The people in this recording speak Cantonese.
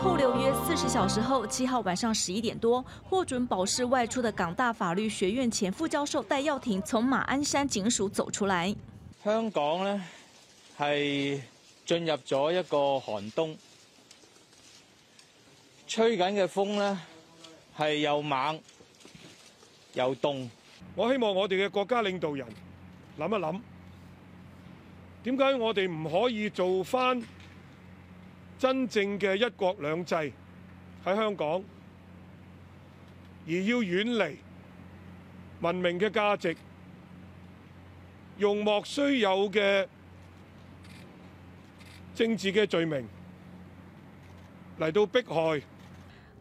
扣留約四十小時後，七號晚上十一點多獲准保釋外出的港大法律學院前副教授戴耀廷從馬鞍山警署走出來。香港呢係進入咗一個寒冬，吹緊嘅風呢係又猛又凍。我希望我哋嘅國家領導人諗一諗，點解我哋唔可以做返？真正嘅一國兩制喺香港，而要遠離文明嘅價值，用莫須有嘅政治嘅罪名嚟到迫害。